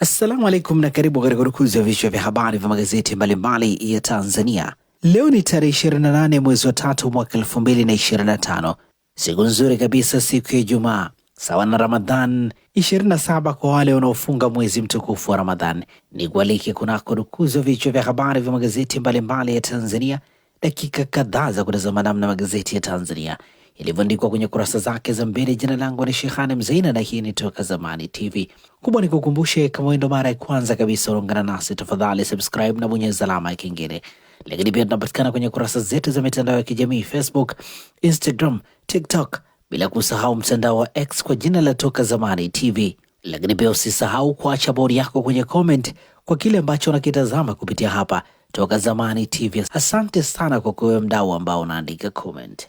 Assalamu alaikum na karibu katika urukuzi wa vichwa vya habari vya magazeti mbalimbali ya Tanzania. Leo ni tarehe 28 mwezi wa tatu mwaka 2025, siku nzuri kabisa, siku ya Ijumaa sawa na Ramadhan 27 kwa wale wanaofunga mwezi mtukufu wa Ramadhan. Ni kualike kunako rukuzi wa vichwa vya habari vya magazeti mbalimbali ya Tanzania, dakika kadhaa za kutazama namna magazeti ya Tanzania ilivyoandikwa kwenye kurasa zake za mbele. Jina langu ni Shehane Mzaina na hii ni Toka Zamani TV. Kubwa ni kukumbushe, kama ndo mara ya kwanza kabisa unaungana nasi, tafadhali subscribe na bonyeza alama ya kengele. Lakini pia tunapatikana kwenye kurasa zetu za mitandao ya kijamii Facebook, Instagram, TikTok, bila kusahau mtandao wa X kwa jina la Toka Zamani TV. Lakini pia usisahau kuacha bodi yako kwenye comment kwa kile ambacho unakitazama kupitia hapa Toka Zamani TV. Asante sana kwa kuwe mdau ambao unaandika comment.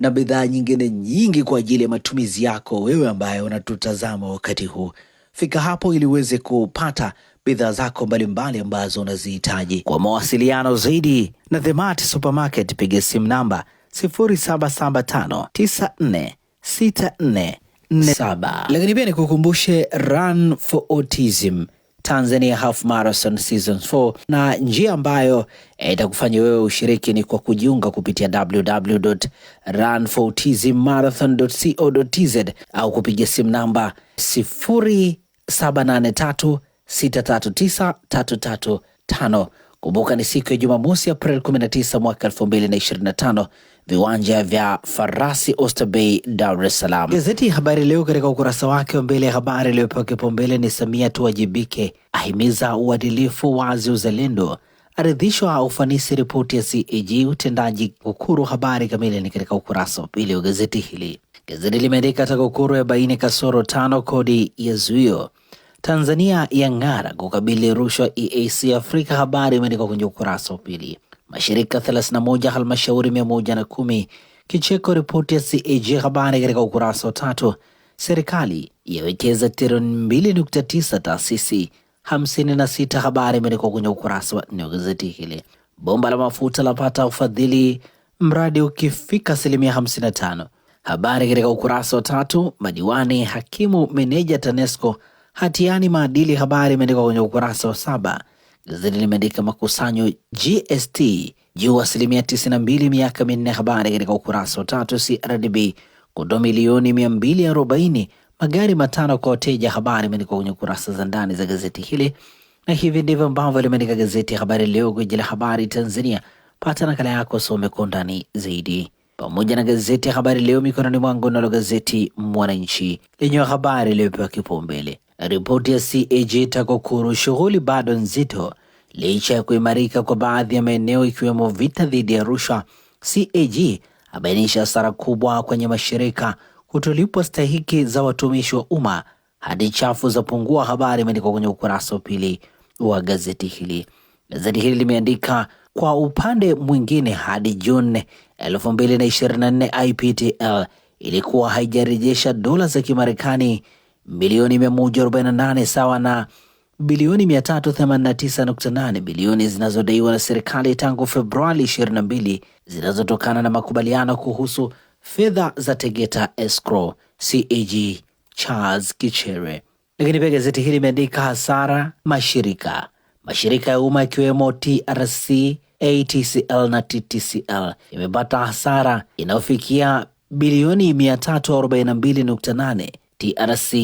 na bidhaa nyingine nyingi kwa ajili ya matumizi yako wewe ambaye unatutazama wakati huu. Fika hapo ili uweze kupata bidhaa zako mbalimbali ambazo unazihitaji. Kwa mawasiliano zaidi na Themart Supermarket piga simu namba 0775946447. Lakini pia nikukumbushe Run for Autism Tanzania Half Marathon Season 4 na njia ambayo eh, itakufanya wewe ushiriki ni kwa kujiunga kupitia www.run4tzmarathon.co.tz au kupiga simu namba 0783639335. Kumbuka ni siku ya Jumamosi, April 19 mwaka 2025 viwanja vya farasi Oysterbay, Dar es Salaam. Gazeti ya Habari Leo katika ukurasa wake wa mbele ya habari iliyopewa kipaumbele ni Samia tuwajibike, ahimiza uadilifu, wazi, uzalendo, aridhishwa ufanisi ripoti ya CAG utendaji TAKUKURU. Habari kamili ni katika ukurasa wa pili wa gazeti hili. Gazeti limeandika TAKUKURU ya baini kasoro tano kodi ya zuio Tanzania ya ng'ara kukabili rushwa EAC Afrika. Habari imeandikwa kwenye ukurasa wa pili mashirika 31 halmashauri 110 kicheko ripoti ya CAG habari katika ukurasa wa tatu. Serikali yawekeza trilioni 2.9 taasisi 56 habari imeandikwa kwenye ukurasa wa nne wa gazeti hili. Bomba la mafuta lapata ufadhili mradi ukifika asilimia 55 habari katika ukurasa wa tatu. Madiwani, hakimu, meneja TANESCO hatiani maadili habari imeandikwa kwenye ukurasa wa saba. Gazeti limeandika makusanyo GST juu asilimia 92 miaka minne. Habari katika ukurasa wa tatu. CRDB kutoa milioni 240 magari matano kwa wateja. Habari imeandikwa kwenye kurasa za ndani za gazeti hili, na hivi ndivyo ambavyo limeandika gazeti ya Habari Leo, gwiji la habari Tanzania. Pata nakala yako, some kwa undani zaidi pamoja na gazeti ya Habari Leo mikononi mwangu, nalo gazeti Mwananchi lenye habari iliyopewa kipaumbele Ripoti ya CAG TAKUKURU, shughuli bado nzito licha ya kuimarika kwa baadhi ya maeneo ikiwemo vita dhidi ya rushwa. CAG abainisha hasara kubwa kwenye mashirika, kutolipwa stahiki za watumishi wa umma hadi chafu za pungua. Habari imeandikwa kwenye ukurasa wa pili wa gazeti hili. Gazeti hili limeandika kwa upande mwingine, hadi Juni 2024 IPTL ilikuwa haijarejesha dola za Kimarekani milioni 148 sawa na bilioni 389.8 bilioni zinazodaiwa na serikali tangu Februari 22 zinazotokana na makubaliano kuhusu fedha za Tegeta Escrow, CAG Charles Kichere. Lakini pia gazeti hili limeandika hasara mashirika mashirika ya umma ikiwemo TRC, ATCL na TTCL imepata hasara inayofikia bilioni 342.8 DRC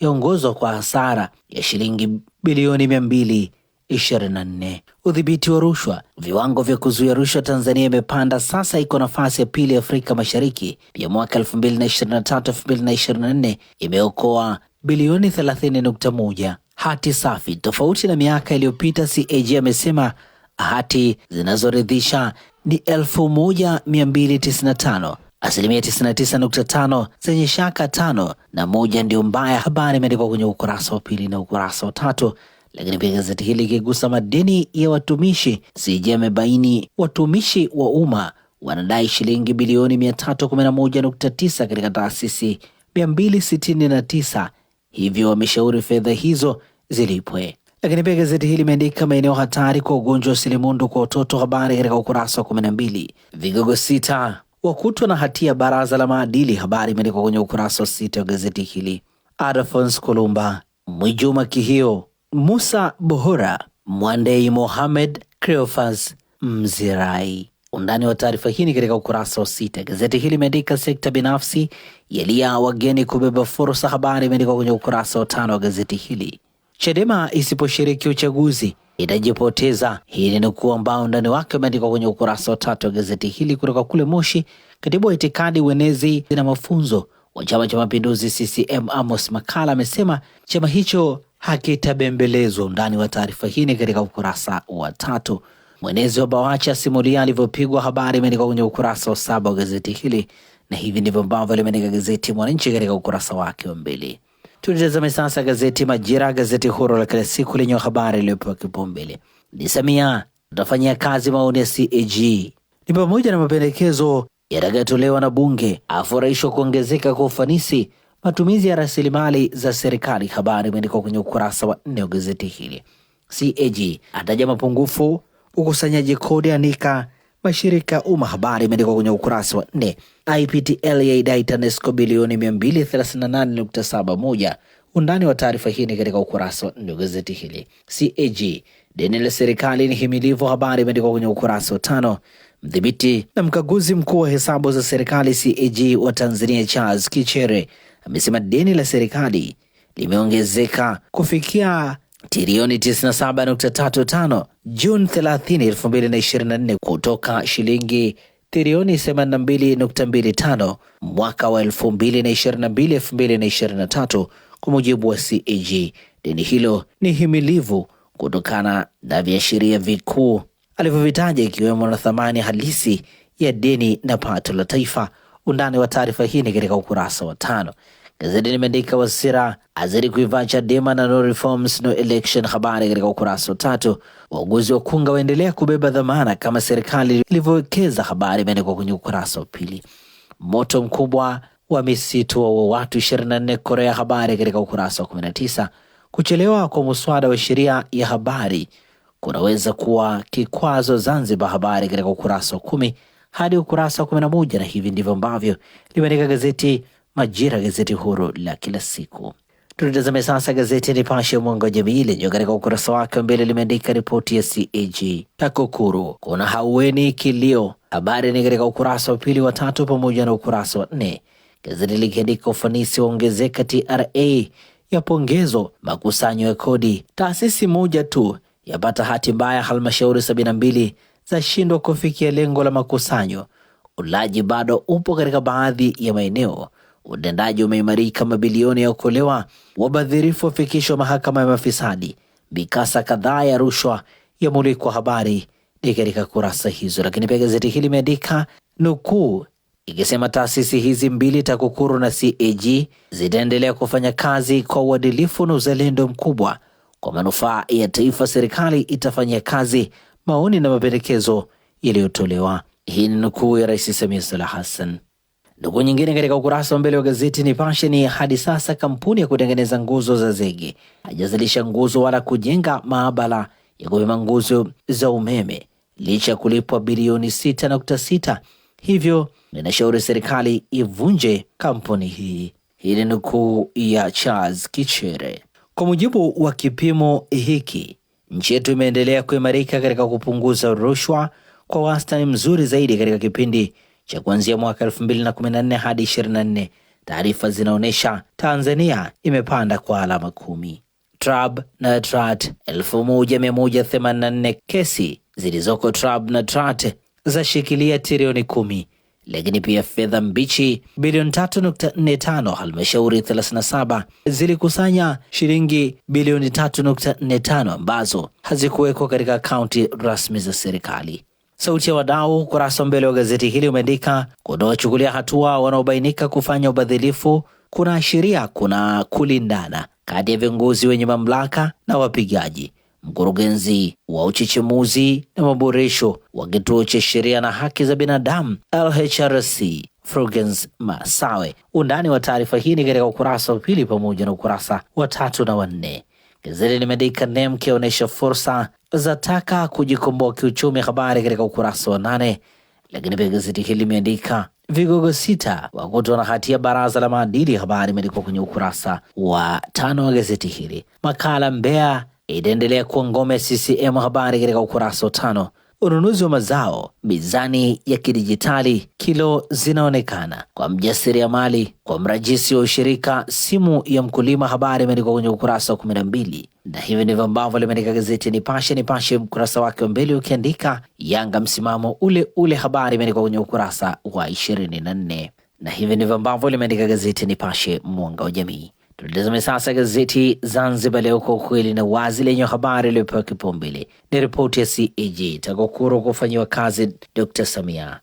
yaongozwa kwa hasara ya shilingi bilioni 224. Udhibiti wa rushwa. Viwango vya kuzuia rushwa Tanzania imepanda sasa, iko nafasi ya pili Afrika Mashariki. Pia mwaka 2023 2024 imeokoa bilioni 30.1 hati safi. Tofauti na miaka iliyopita, CAG amesema hati zinazoridhisha ni 1295 asilimia 99.5 zenye shaka tano na moja ndio mbaya. Habari imeandikwa kwenye ukurasa wa pili na ukurasa wa tatu. Lakini pia gazeti hili ikigusa madeni ya watumishi, CJ amebaini watumishi wa umma wanadai shilingi bilioni 311.9 katika taasisi 269, hivyo wameshauri fedha hizo zilipwe. Lakini pia gazeti hili imeandika maeneo hatari kwa ugonjwa wa silimundu kwa watoto, habari katika ukurasa wa 12. Vigogo sita wakutwa na hatia baraza la maadili. Habari imeandikwa kwenye ukurasa wa sita wa gazeti hili. arfons Kulumba, Mwijuma Kihio, Musa Bohora, Mwandei Mohamed, Cleophas Mzirai. Undani wa taarifa hii ni katika ukurasa wa sita. Gazeti hili imeandika sekta binafsi yalia wageni kubeba fursa. Habari imeandikwa kwenye ukurasa wa tano wa gazeti hili. Chadema isiposhiriki uchaguzi itajipoteza. Hii ni nukuu ambayo undani wake umeandikwa kwenye ukurasa wa tatu wa gazeti hili kutoka kule Moshi. Katibu wa itikadi, uenezi na mafunzo wa Chama cha Mapinduzi CCM Amos Makala amesema chama hicho hakitabembelezwa. Undani wa taarifa hii ni katika ukurasa wa tatu. Mwenezi wa Bawacha simulia alivyopigwa, habari imeandikwa kwenye ukurasa wa saba wa gazeti hili, na hivi ndivyo ambavyo limeandika gazeti Mwananchi katika ukurasa wake wa mbili tunitazame sasa gazeti Majira, gazeti huru la kila siku lenye habari iliyopewa kipaumbele ni Samia tutafanyia kazi maoni ya CAG ni pamoja na mapendekezo yatakayotolewa na Bunge, afurahishwa kuongezeka kwa ufanisi matumizi ya rasilimali za serikali. Habari imeandikwa kwenye ukurasa wa nne wa gazeti hili. CAG ataja mapungufu ukusanyaji kodi, anika mashirika ya umma. Habari imeandikwa kwenye ukurasa wa nne. IPTL yaidai TANESCO bilioni 238.71. Undani wa taarifa hii ni katika ukurasa wa nne wa gazeti hili. CAG deni la serikali ni himilivu. Habari imeandikwa kwenye ukurasa wa tano. Mdhibiti na mkaguzi mkuu wa hesabu za serikali CAG wa Tanzania Charles Kichere amesema deni la serikali limeongezeka kufikia trilioni 97.35 Juni 30, 2024 kutoka shilingi trilioni 82.25 mwaka wa 2022 2023, kwa mujibu wa CAG. Deni hilo ni himilivu kutokana na viashiria vikuu alivyovitaja ikiwemo na thamani halisi ya deni na pato la taifa. Undani wa taarifa hii ni katika ukurasa wa tano. Gazeti limeandika Wasira azidi kuivaa Chadema na no reforms no election, habari katika ukurasa wa tatu. Wauguzi wa kunga waendelea kubeba dhamana kama serikali ilivyowekeza, habari imeandikwa kwenye ukurasa wa pili. Moto mkubwa wa misitu wa watu 24 Korea, habari katika ukurasa wa 19. Kuchelewa kwa muswada wa sheria ya habari kunaweza kuwa kikwazo Zanzibar, habari katika ukurasa wa kumi hadi ukurasa wa 11, na hivi ndivyo ambavyo limeandika gazeti Majira, gazeti huru la kila siku. Tunatazame sasa gazeti Nipashe mwanga wa jamii lenye katika ukurasa wake wa mbele limeandika ripoti ya CAG TAKUKURU kuna haueni kilio. Habari ni katika ukurasa wa pili, wa tatu pamoja na ukurasa wa nne, gazeti likiandika ufanisi waongezeka, TRA yapongezwa makusanyo ya kodi, taasisi moja tu yapata hati mbaya, halmashauri za zashindwa kufikia lengo la makusanyo. Ulaji bado upo katika baadhi ya maeneo utendaji umeimarika, mabilioni ya okolewa, wabadhirifu wafikishwa mahakama ya mafisadi, mikasa kadhaa ya rushwa yamulikwa. Habari ni katika kurasa hizo, lakini pia gazeti hili limeandika nukuu ikisema taasisi hizi mbili TAKUKURU na CAG zitaendelea kufanya kazi kwa uadilifu na uzalendo mkubwa kwa manufaa ya taifa. Serikali itafanyia kazi maoni na mapendekezo yaliyotolewa. Hii ni nukuu ya Rais Samia Suluhu Hassan. Ndugu nyingine katika ukurasa wa mbele wa gazeti Nipashe ni hadi sasa kampuni ya kutengeneza nguzo za zege haijazalisha nguzo wala kujenga maabara ya kupima nguzo za umeme licha ya kulipwa bilioni 6.6, hivyo linashauri serikali ivunje kampuni hii. Hii ni nukuu ya Charles Kichere. Kwa mujibu wa kipimo hiki, nchi yetu imeendelea kuimarika katika kupunguza rushwa kwa wastani mzuri zaidi katika kipindi cha kuanzia mwaka 2014 hadi 24, taarifa zinaonyesha Tanzania imepanda kwa alama kumi. TRAB na TRAT 1184 kesi zilizoko TRAB na TRAT zashikilia trilioni kumi, lakini pia fedha mbichi bilioni 3.45. Halmashauri 37 zilikusanya shilingi bilioni 3.45 ambazo hazikuwekwa katika akaunti rasmi za serikali. Sauti ya wadau ukurasa wa mbele wa gazeti hili umeandika kunaochukulia hatua wanaobainika kufanya ubadhilifu kuna ashiria kuna kulindana kati ya viongozi wenye mamlaka na wapigaji. Mkurugenzi wa uchechemuzi na maboresho wa kituo cha sheria na haki za binadamu LHRC Frugens Masawe. Undani wa taarifa hii ni katika ukurasa wa pili pamoja na ukurasa wa tatu na wanne. Gazeti limeandika NEMC yaonyesha fursa za taka kujikomboa kiuchumi, habari katika ukurasa wa nane. Lakini pia gazeti hili limeandika vigogo sita wakutwa na hatia baraza la maadili, habari imeandikwa kwenye ukurasa wa tano wa gazeti hili. Makala Mbeya itaendelea kuwa ngome CCM, habari katika ukurasa wa tano ununuzi wa mazao, mizani ya kidijitali, kilo zinaonekana kwa mjasiriamali, kwa mrajisi wa ushirika, simu ya mkulima. Habari imeandikwa kwenye ukurasa wa kumi na mbili na hivi ndivyo ambavyo limeandika gazeti Nipashe. Nipashe ukurasa wake wa mbele ukiandika Yanga msimamo ule ule, habari imeandikwa kwenye ukurasa wa ishirini na nne na hivi ndivyo ambavyo limeandika gazeti Nipashe, mwanga wa jamii. Tutazame sasa gazeti Zanzibar Leo, kwa ukweli na wazi, lenye habari iliyopewa kipaumbele ni ripoti ya CAG, TAKUKURU kufanyiwa kazi Dr Samia.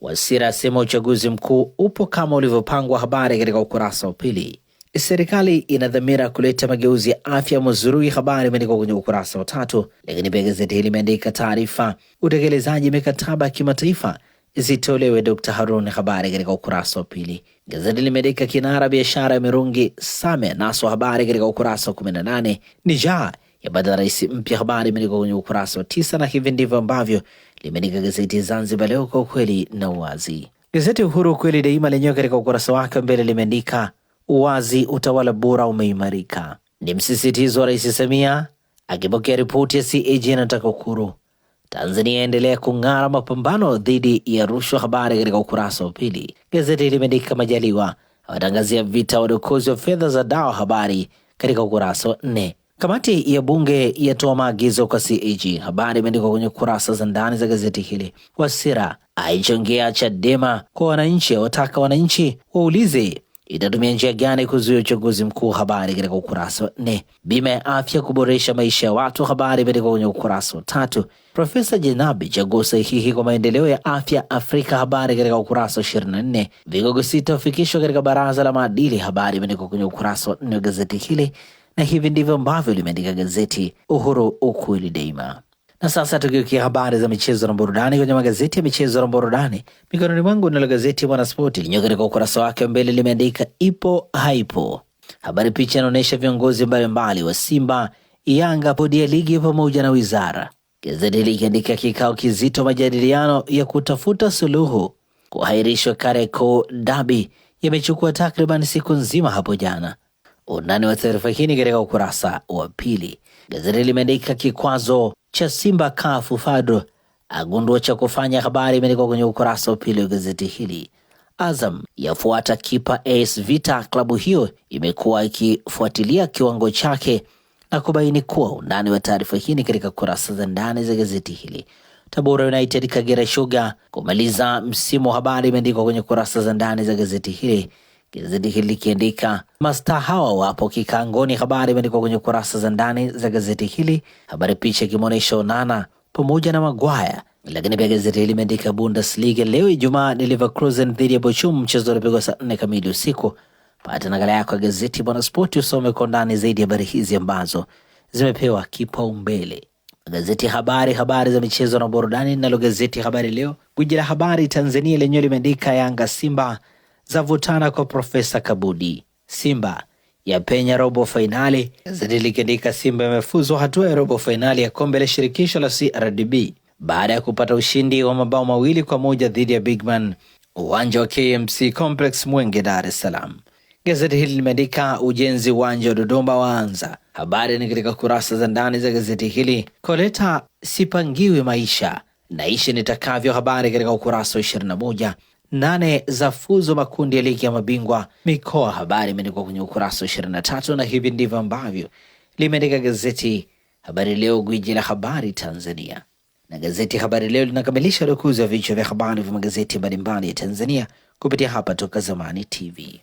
Wasira asema uchaguzi mkuu upo kama ulivyopangwa, habari katika ukurasa wa pili. Serikali ina dhamira kuleta mageuzi ya afya Mazurui, habari imeandikwa kwenye ukurasa wa tatu. Lakini pia gazeti hili imeandika taarifa utekelezaji mikataba ya kimataifa zitolewe Dr Harun, habari katika ukurasa wa pili. Gazeti limeandika kinara biashara ya mirungi Same naso habari katika ukurasa wa 18, ni jaa ya badala rais mpya, habari imeandikwa kwenye ukurasa wa tisa, na hivi ndivyo ambavyo limeandika gazeti Zanzibar Leo kwa ukweli na uwazi. Gazeti Uhuru ukweli daima lenyewe katika ukurasa wake mbele limeandika uwazi, utawala bora umeimarika, ni msisitizo wa Rais Samia akipokea ripoti ya CAG na TAKUKURU Tanzania yaendelea kung'ara mapambano dhidi ya rushwa. Habari katika ukurasa wa pili. Gazeti limeandika Majaliwa awatangazia vita wadokozi wa fedha za dawa, habari katika ukurasa wa nne. Kamati ya bunge yatoa maagizo kwa CAG, habari imeandikwa kwenye kurasa za ndani za gazeti hili. Wasira aichongea Chadema kwa wananchi, wataka wananchi waulize itatumia njia gani kuzuia uchaguzi mkuu? Habari katika ukurasa wa nne. Bima ya afya kuboresha maisha ya watu, habari imeandikwa kwenye ukurasa wa tatu. Profesa Janabi chaguo sahihi kwa maendeleo ya afya Afrika, habari katika ukurasa wa 24. Vigogo sita hufikishwa katika baraza la maadili, habari imeandikwa kwenye ukurasa wa nne wa gazeti hili, na hivi ndivyo ambavyo limeandika gazeti Uhuru, ukweli daima. Na sasa tukiukia habari za michezo na burudani kwenye magazeti ya michezo na burudani mikononi mwangu, nalo gazeti ya Mwanaspoti lenyewe katika ukurasa wake wa mbele limeandika ipo haipo. Habari picha inaonyesha viongozi mbalimbali wa Simba, Yanga, bodi ya ligi pamoja na wizara. Gazeti likiandika kikao kizito, majadiliano ya kutafuta suluhu kuahirishwa Kariakoo dabi yamechukua takriban siku nzima hapo jana. Undani wa taarifa hii katika ukurasa wa pili. Gazeti limeandika kikwazo cha Simba kafu fado agundua cha kufanya. Habari imeandikwa kwenye ukurasa wa pili wa gazeti hili. Azam yafuata kipa AS Vita. Klabu hiyo imekuwa ikifuatilia kiwango chake na kubaini kuwa undani wa taarifa hii ni katika kurasa za ndani za gazeti hili. Tabora United Kagera Sugar kumaliza msimu wa habari imeandikwa kwenye kurasa za ndani za gazeti hili. Gazeti hili likiandika mastaa hawa wapo kikangoni. Habari imeandikwa kwenye kurasa za ndani za gazeti hili, habari picha ikimwonyesha Onana pamoja na Magwaya. Lakini pia gazeti hili limeandika Bundesliga leo Ijumaa ni Leverkusen dhidi ya Bochum, mchezo unapigwa saa nne kamili usiku. Pata nakala yako ya gazeti Bwana Spoti usome kwa ndani zaidi habari hizi ambazo zimepewa kipaumbele gazeti Habari, habari za michezo na burudani. Nalo gazeti Habari Leo, gwiji la habari Tanzania, lenyewe limeandika Yanga Simba zavutana kwa Profesa Kabudi. Simba yapenya robo fainali. Gazeti likiandika Simba imefuzwa hatua ya robo fainali ya kombe la shirikisho la CRDB baada ya kupata ushindi wa mabao mawili kwa moja dhidi ya Bigman uwanja wa KMC Complex Mwenge, Dar es Salaam. Gazeti hili limeandika ujenzi uwanja wa Dodoma waanza. Habari ni katika kurasa za ndani za gazeti hili. Koleta sipangiwi maisha naishi nitakavyo, habari katika ukurasa wa 21 nane za fuzo makundi ya ligi ya mabingwa mikoa. Habari imeandikwa kwenye ukurasa wa 23 na hivi ndivyo ambavyo limeandika gazeti Habari Leo, gwiji la habari Tanzania. Na gazeti Habari Leo linakamilisha rukuzi ya vichwa vya habari vya magazeti mbalimbali ya Tanzania kupitia hapa Toka Zamani TV.